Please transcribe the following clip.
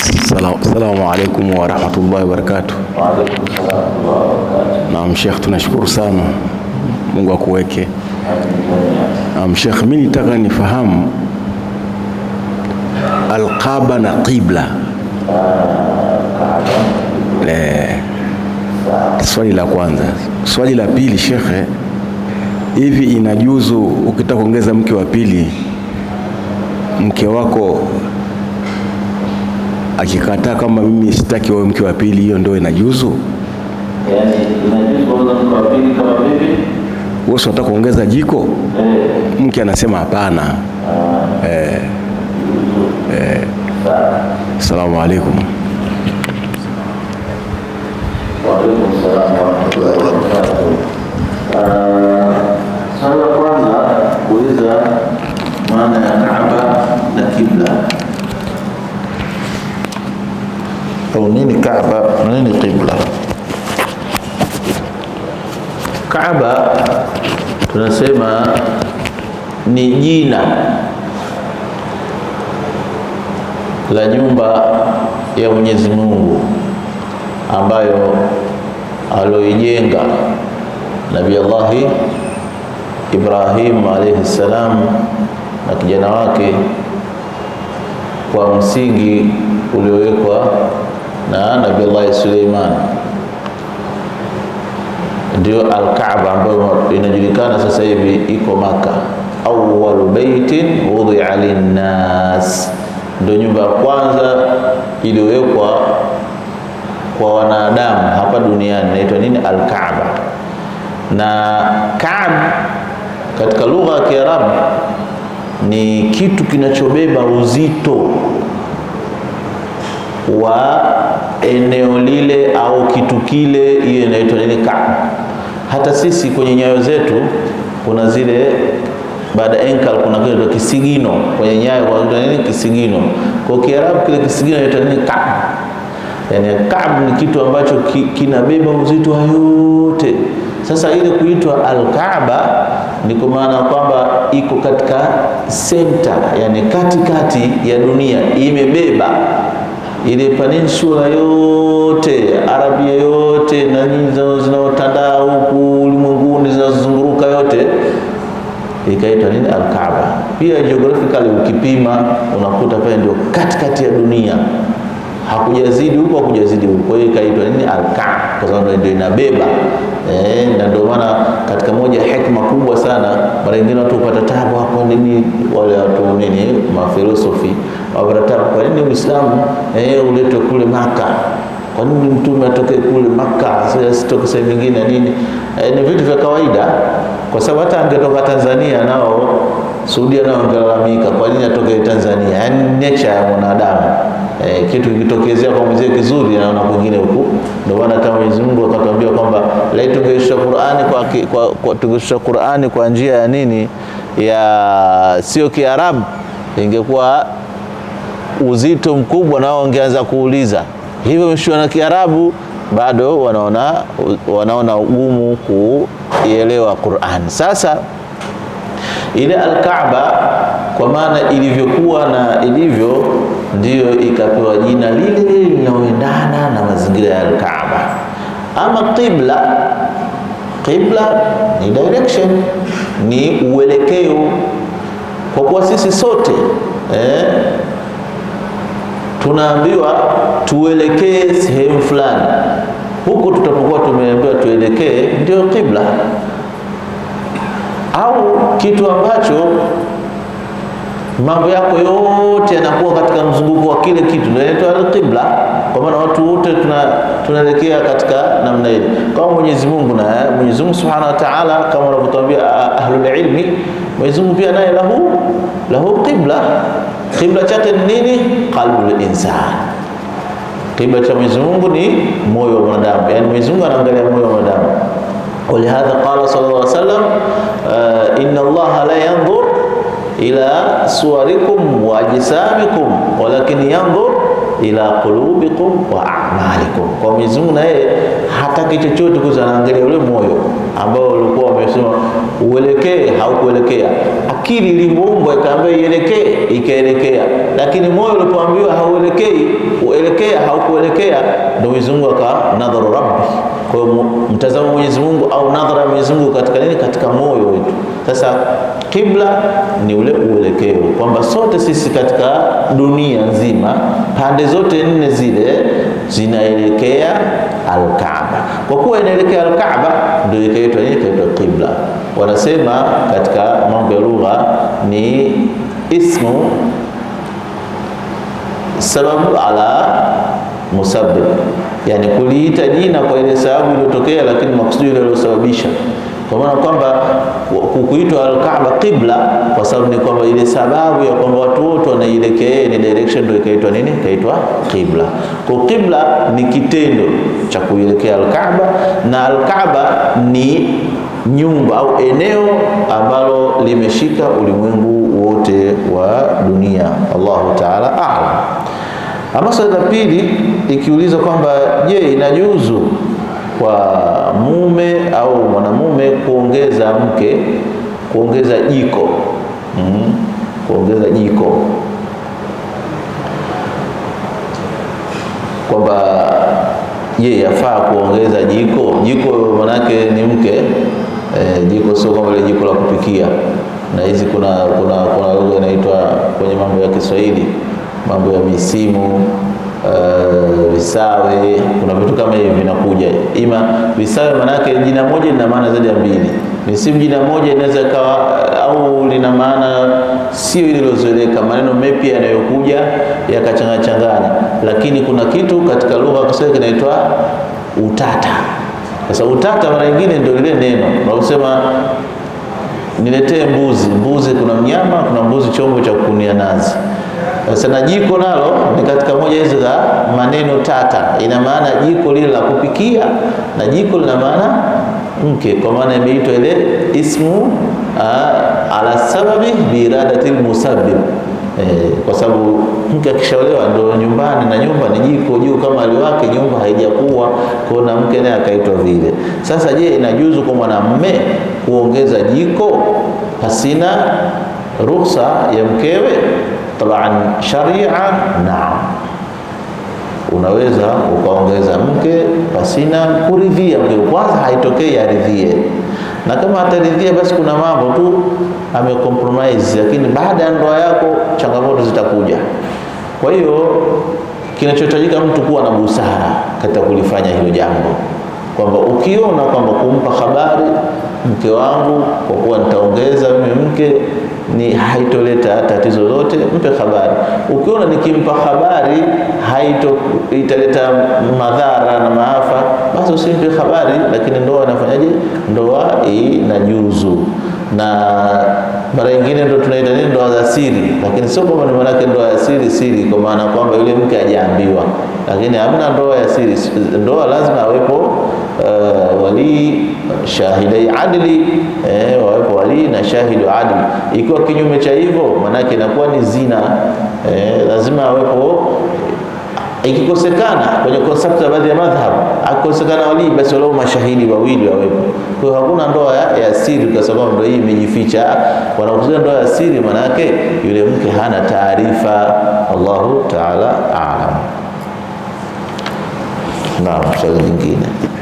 Assalamu alaikum warahmatullahi wabarakatuh. Naam Sheikh, tunashukuru sana, Mungu akuweke. Naam Sheikh, mimi nitaka nifahamu alqaba na qibla. Swali la kwanza. Swali la pili shekhe, hivi inajuzu ukitaka kuongeza mke wa pili, mke wako akikataa kama mimi sitaki wewe mke wa pili, hiyo ndio inajuzu? Yani inajuzu mke Wewe unataka kuongeza jiko e? Mke anasema hapana. Ah. Eh. Eh. Salamu alaikum. Wa alaykum salaam wa rahmatullahi wa barakatuh. Kaaba na nini qibla. Kaaba tunasema ni jina la nyumba ya Mwenyezi Mungu ambayo aloijenga Nabii Allahi Ibrahim alayhi salam na kijana wake kwa msingi uliowekwa na Nabii Allah Suleiman ndio Al-Kaaba ambayo inajulikana sasa hivi iko Maka. Awwalu baitin wudi'a linnas, ndio nyumba ya kwanza iliyowekwa kwa wanadamu hapa duniani inaitwa nini? Al-Kaaba. Na Kaab katika lugha ya Kiarabu ni kitu kinachobeba uzito wa eneo lile au kitu kile, hiyo inaitwa nini? Kaaba. Hata sisi kwenye nyayo zetu kuna zile baada enkal, kuna kile kisigino kwenye nyayo, kuna nini? Kisigino. Kwa Kiarabu kile kisigino inaitwa nini? Kaaba. Yani kaaba ni kitu ambacho ki, kinabeba uzito yote. Sasa ile kuitwa al-Kaaba ni kwa maana kwamba iko katika center, yani katikati ya dunia imebeba ile peninsula yote Arabia yote na nchi zinazotandaa huku ulimwenguni zinazozunguruka yote ikaitwa nini? Al-Kaaba. Pia geographically ukipima unakuta pale ndio katikati ya dunia, hakujazidi huko hakujazidi huko, hiyo ikaitwa nini? Al-Kaaba kwa sababu ndio inabeba eh, na ndio maana katika moja hikma kubwa sana, mara nyingine watu hupata tabu hapo. Nini wale watu nini, mafilosofi wapata tabu, kwa nini Uislamu eh ulete kule Maka? Kwa nini mtume atoke kule Maka asitoke sehemu nyingine nini? Eh, ni vitu vya kawaida, kwa sababu hata angetoka Tanzania nao Saudi nao angelalamika kwa nini atoke Tanzania? Yaani nature ya mwanadamu eh, kitu kikitokezea kwa mzee kizuri anaona kwingine huku. Ndio maana kama Mwenyezi Mungu akatuambia kwamba laitu kwa Qur'ani kwa, kwa, tungeishusha Qur'ani kwa njia ya nini ya sio Kiarabu ingekuwa uzito mkubwa, nao wangeanza kuuliza hivyo mshua na Kiarabu bado wanaona, wanaona ugumu kuielewa Qur'an sasa ile Alkaaba kwa maana ilivyokuwa na ilivyo, ndiyo ikapewa jina lile linaloendana na mazingira ya Alkaaba. Ama qibla, qibla ni direction, ni uelekeo. Kwa kuwa sisi sote eh, tunaambiwa tuelekee sehemu fulani, huku tutapokuwa tumeambiwa tuelekee, ndio qibla au kitu ambacho mambo yako yote yanakuwa katika mzunguko wa kile kitu inaitwa alqibla. Kwa maana watu wote tunaelekea katika namna ile, kama Mwenyezi Mungu na eh, Mwenyezi Mungu Subhanahu wa Ta'ala, kama wanavyotwambia ah, ah, ahlul ilmi, Mwenyezi Mungu pia naye lahu lahu qibla. Qibla chake ni nini? Qalbul insan. Qibla cha Mwenyezi Mungu ni moyo wa mwanadamu, yani Mwenyezi Mungu anaangalia moyo wa mwanadamu Walihadha qala sallallahu alaihi wasallam inna Allaha la yanzur ila suwarikum wa ajsamikum walakin yanzur ila qulubikum wa a'malikum. Kwa Mwenyezi Mungu naye hataki chochote kuza, anaangalia ule moyo ambao ulikuwa umesema uelekee, haukuelekea. Akili ilimuumba ikaambia ielekee, ikaelekea, lakini moyo ulipoambiwa hauelekei, uelekea, haukuelekea, ndio Mwenyezi Mungu akanadharu rabbi kwa hiyo mtazamo wa Mwenyezi Mungu au nadhara ya Mwenyezi Mungu katika nini? Katika moyo wetu. Sasa kibla ni ule uelekeo kwamba sote sisi katika dunia nzima, pande zote nne zile zinaelekea Alkaaba. Kwa kuwa inaelekea Alkaaba, ndio ikaitwa nini? Ikaitwa kibla. Wanasema katika mambo ya lugha ni ismu sababu ala musabbib, yani kuliita jina kwa ile sababu iliyotokea, lakini maksudi ile iliyosababisha. Kwa maana kwamba kuitwa Al-Kaaba qibla kwa sababu ni kwamba ile sababu ya kwamba watu wote wanaielekea ni direction, ndio ikaitwa nini? Ikaitwa qibla. Kwa qibla ni kitendo cha kuelekea Al-Kaaba, na Al-Kaaba ni nyumba au eneo ambalo limeshika ulimwengu wote wa dunia. Allahu taala a'lam. Ama swali la pili ikiuliza kwamba je, inajuzu kwa mume au mwanamume kuongeza mke kuongeza jiko mm, kuongeza jiko kwamba je, yafaa kuongeza jiko? Jiko manake ni mke e, jiko sio kama ile jiko la kupikia, na hizi kuna kuna kuna lugha inaitwa kwenye mambo ya Kiswahili mambo ya misimu Uh, eh, visawe kuna vitu kama hivi vinakuja. Ima visawe manake jina moja lina maana zaidi ya mbili. Misimu jina moja inaweza kawa eh, au lina maana sio ile iliyozoeleka, maneno mapya yanayokuja yakachangachangana, lakini kuna kitu katika lugha ya Kiswahili kinaitwa utata. Sasa utata mara nyingine ndio ile neno unaosema niletee mbuzi. Mbuzi kuna mnyama, kuna mbuzi chombo cha kukunia nazi na jiko nalo ni katika moja hizo za maneno tata, ina maana jiko lile la kupikia na jiko lina maana mke, kwa maana imeitwa ile ismu ala sababi bi iradatil musabbib eh, kwa sababu mke akishaolewa ndo nyumbani na nyumba ni jiko, juu kama aliwake nyumba haijakuwa kwa na mke naye akaitwa vile. Sasa je, inajuzu kwa mwanamume kuongeza jiko pasina ruhusa ya mkewe? taban sharia, naam, unaweza ukaongeza mke pasina kuridhia mlio kwanza, haitokei aridhie, na kama ataridhia, basi kuna mambo tu amecompromise, lakini baada ya ndoa yako changamoto zitakuja. Kwa hiyo kinachohitajika mtu kuwa na busara katika kulifanya hilo jambo kwamba ukiona kwamba kumpa habari mke wangu kwa kuwa nitaongeza mimi mke ni haitoleta tatizo lolote, mpe habari. Ukiona nikimpa habari haito italeta madhara na maafa, basi usimpe habari. Lakini ndoa inafanyaje? Ndoa inajuzu na mara nyingine ndo tunaita nini, ndoa za siri, lakini sio kwamba maana yake ndoa ya siri siri, kwa maana kwamba yule mke hajaambiwa, lakini hamna ndoa ya siri. Ndoa lazima awepo uh, eh, wali shahidi adli eh, wawepo wali na shahidi adli. Ikiwa kinyume cha hivyo, maana yake inakuwa ni zina eh, lazima awepo ikikosekana kwenye concept ya baadhi ya madhhab, akikosekana wali, basi wale mashahidi wawili wawepo. Kwa hiyo hakuna ndoa siri, kwa sababu ndio hii imejificha. Wanakusudia ndoa ya siri, maana yake yule mke hana taarifa. Allahu taala aalam. Naam, swali lingine